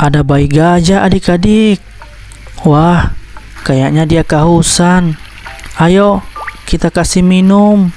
Ada bayi gajah adik-adik. Wah, kayaknya dia kehausan. Ayo, kita kasih minum.